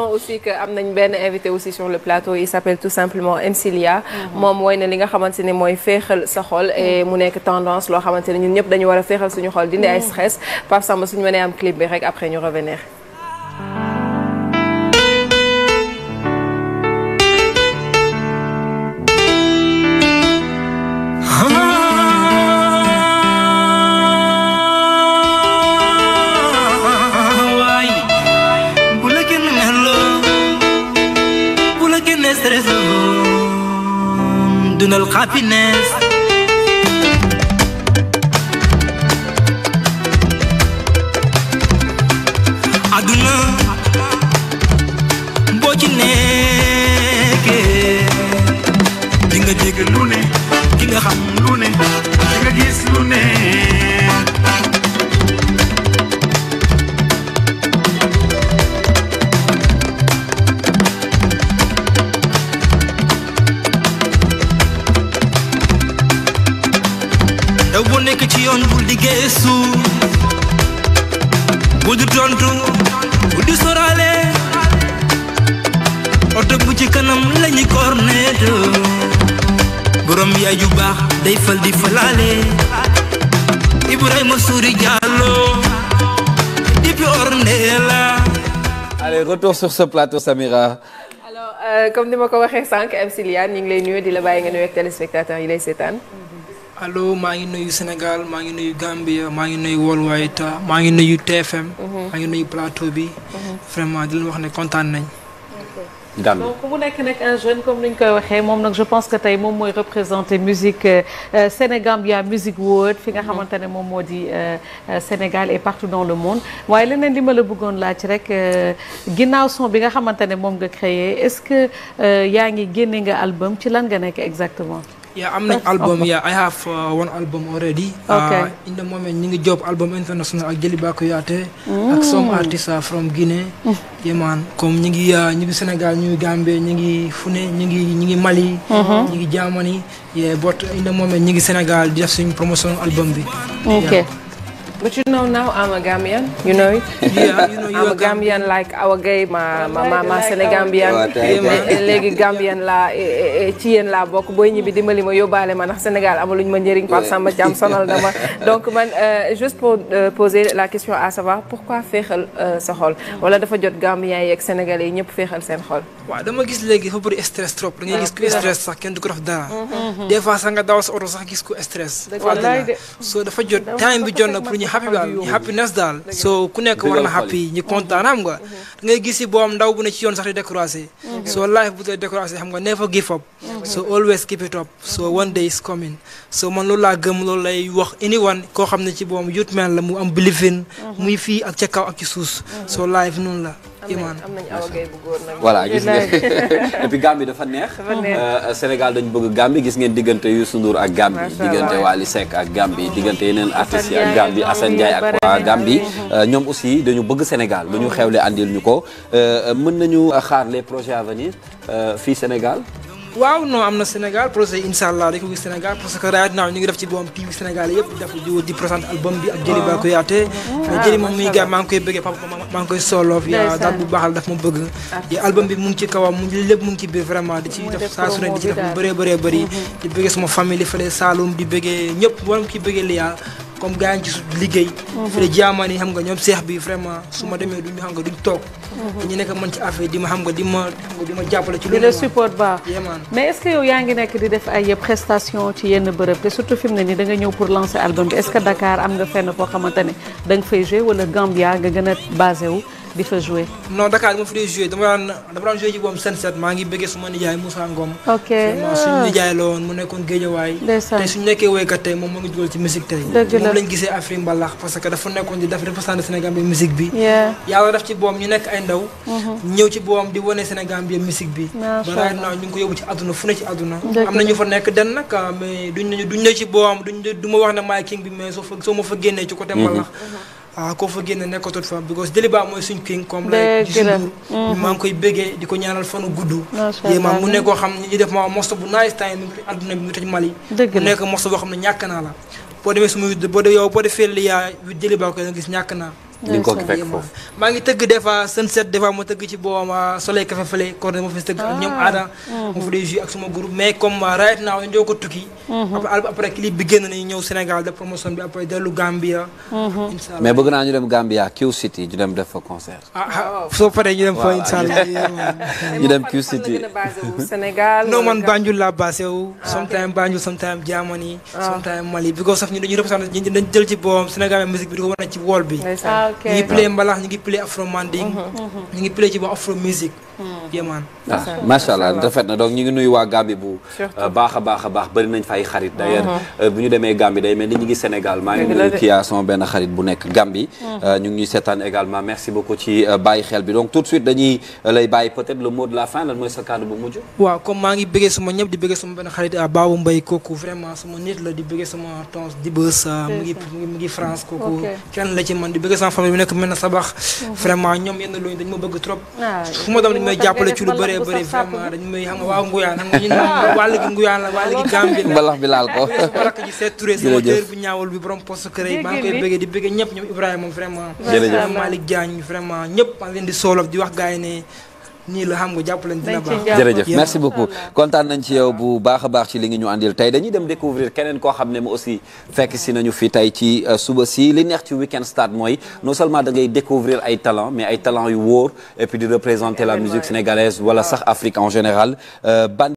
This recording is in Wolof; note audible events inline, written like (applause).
aussi que am nañ benn invité aussi sur le plateau il s'appelle tout simplement Msilia moom woy na li nga xamante ne mooy féexal sa xol et mu nekk tendance loo xamante ne ñun ñëpp dañu war a féexal suñu xol dindi ay stress Pape Samba suñu mënee am clip bi rek après ñu revenir dundal happiness aduna boo ci nekkee di nga dégg lu ne di nga xam lu ne di lu ne geesu bu du tontu bu du soraale oto bu ci kanam lañu korneet borom yaay ju baax day fal di falaale Ibrahima Souri Diallo depuis Ornella allez retour sur ce plateau Samira euh, comme ni ma ko waxee sànq MC Liane ñu ngi lay nuyu di la bàyyi nga nuyu ak téléspectateurs yi lay seetaan allo maa ngi nuyu Sénégal maa ngi nuyu Gambia maa ngi nuyu Worldwide maa ngi nuyu TFM. Mhm. maa nuyu plateau bi. Mhm. vraiment di leen wax ne kontaan nañ. Gambie donc mu nekk nag un jeune comme ni ñu koy waxee moom nag je pense que tey moom mooy représenter musique euh, euh, Sénégambia Music World fi nga mhm. xamante ne moom moo di euh, Sénégal et partout dans le monde waaye leneen li ma la bëggoon laaj rek ginnaaw son bi nga xamante ne moom nga créé est-ce que yaa ngi génne nga album ci lan nga nekk exactement. yaa am not album. (laughs) Yeah, I have uh, one album already. Uh, in the moment, ñu ngi job album international ak Jëli Ba Kouyaté. ak mm. some artistes are uh, from Guinée. Mm. yeah comme ñu ngi ñu ngi Sénégal ñu ngi ñu ngi Fune ñu ngi ñu ngi Mali. Mm-hmm. ñu ngi Germany. yeah but in the moment ñu ngi Sénégal di def suñu promotion album bi. But you know now I'm a Gambian, you know (laughs) a like our gay ma ma ma ma Sénégambian léegi Gambian laa ci e, e, e, yéen laa bokk booy ñibbi dimbali ma yóbbaale ma ndax Sénégal amaluñ ma njëriñ Pape Samba Thiam sonal dama donc ma euh, juste pour euh, poser la question à savoir pourquoi féexal euh, sa xol wala dafa jot Gambien yeeg Sénégalais yi ñëpp féexal seen xol waaw dama gis léegi dafa bëri stress trop da gis ku stress sax kenn du ko def dara mm-hmm. des fois sax nga dawal sa oto sax gis ku stress soo dafa jot time bi jot na pour ñu happy daal happiness daal soo ku nekk war na happy ñu kontaan xam nga mm-hmm. ngay gis si boo am ndaw bu ne ci yoon sax di décroisé soo life bu dee décroisé xam nga never give up mm-hmm. so always keep it up so one day is coming so man loolu laa gëm loolu lay wax anyone koo xam ne ci boom youth man la mu am believe in mhm. muy fii ak ca kaw ak ci suus mhm. so live noonu la imaan am nañ awa gay bu góor (laughs) (laughs) dafa neex euh, euh, Sénégal dañu bëgg Gambie gis ngeen diggante Youssou Ndour ak Gambie diggante Wally Seck ak Gambie mhm. diggante yeneen artistes yi ak Gambie Assane Ndiaye ak waa euh, ñoom aussi dañu bëgg Sénégal lu ñu xewle andil ñu ko mën nañu xaar les projets à venir fii Sénégal waaw non am na Sénégal projet yi incha allah dañ ko gis Sénégal parce que right now ñu ngi def ci boom TV Sénégal yëpp def di di présenter album bi ak Jëli ah. Ba ko ah, Jëli moom muy gars maa ngi koy bëggee papa maa ngi koy soloof yaa daal bu baaxal daf ma bëgg yi album bi mu ngi ci kawam mu lépp mu ngi ci biir vraiment di ci def saa su ne di ci def lu bëree bëree bëri di bëggee sama famille fële Saloum di bëggee ñëpp waram ki bëggee liyaa comme gaa ngi ci liggéey. Mhm. fi ne jaamaani xam nga ñoom seex bi vraiment su ma demee duñ xam nga duñ toog. Mhm. dañu nekk man ci affaire di ma xam nga di ma di jàppale ci. lu ne support baax mais est ce que yaa ngi nekk di def ay prestation ci yenn bërëb te surtout fi mu ne nii da nga ñëw pour lancer album bi est ce que Dakar am nga fenn foo xamante ne da nga fay jouer wala Gambia nga gën a basé wu. bi fa joué. non Dakar ma fi dee joué dama daan dama ci boobu seen maa ngi bëggee suma nijaay Moussa Ngom. ok ah. nijaay la mu nekkoon géejawaay. tey suñu nekkee woykat tey moom moo ngi gisee Afrique mbalax parce que dafa nekkoon di def représenté Sénégal bi musique bi. yàlla def ci boobam ñu nekk ay ndaw. Mhm. ñëw ci boobam di wane Sénégal bi musique bi. macha allah balaa ñu ngi ko yóbbu ci àdduna fu ne ci àdduna. am na ñu fa nekk den nag ah, mais duñ ne ci boobam du ma Ah, koo fa génn nekkatul fa because Déliba mooy suñ king comme lay di suñu maa ngi koy bëggee di ko ñaanal fanu gudd yé maam mu nekk koo xam ne li def ma mosto bu nice time mi ngi adduna bi mu tëj Mali mu nekk mosto boo xam ne ñàkk naa la boo demee suma boo de yow boo defee li yaa Déliba ko da gis ñàkk naa di maa ngi tëgg des fois seen set ma tëgg ci boobam ah, soleil café fële corne ma fi tëgg ak ñoom aada ah. ma mm-hmm. fa dee joué ak sama groupe mais comme ah, right now ñu ñoo ko tukki mm-hmm. après après clip bi nañu ñëw Sénégal de promotion bi après dellu Gambia mm-hmm. inshallah mais bëgg naa ñu dem Gambia Q City ñu dem def fa concert ah soo paree ñu dem fa inshallah (laughs) ñu dem Q City Sénégal (laughs) non man Banjul laa basé wu sometime Banjul sometime Germany sometime Mali because of ñu dañu représenté ñu dañ jël di ko wane ci ñu ngi play mbalax ñu ngi play afro manding. Mhm. Mhm. ñu ngi play ci ba afro kéemaan ah, macha allah rafet na donc ñu ngi nuyu waa Gambie bu euh, baax a baax a baax bëri nañ fay xarit d'ailleurs uh-huh. euh, bu ñu demee Gambie day mel ni ñu ngi Sénégal maa ngi nuyu kiyaa sama benn xarit bu nekk Gambie uh-huh. euh, la fin lan mooy sa kàddu bu mujj waaw comme maa ngi bëggee suma ñëpp di bëggee suma benn xarit Babou Mbaye kooku vraiment suma nit la di bëggee suma tons di bës mu ngi mu ngi France kooku kenn la ci man di bëggee sama famille bi nekk mel na sabax mhm. vraiment ñoom yenn luñu dañ ma jàppale ci lu bëree bëri vraiment dañu may xam nga waa Nguyaan xam Nguyaan la wàll gi Gambie la balax bi laal ko barak ji seet Touré sama jër bu ñaawul bi borom poste këré yi maa ngi koy bëggee di bëggee ñëpp ñoom Ibrahima moom vraiment Malick Diagne vraiment ñëpp maa di soolof di wax gars yi nii la xam nga jàppale dina baax jërëjëf merci beaucoup kontaan nañ ci yow bu baax a baax ci li ngi ñu àndil tey dañuy dem découvrir keneen koo xam ne mu aussi fekk si nañu fi tey ci euh, suba si li neex ci weekend start mooy non seulement dangay ngay découvrir ay talent mais ay talent yu wóor et di représenter la musique sénégalaise wala sax Afrique en général euh,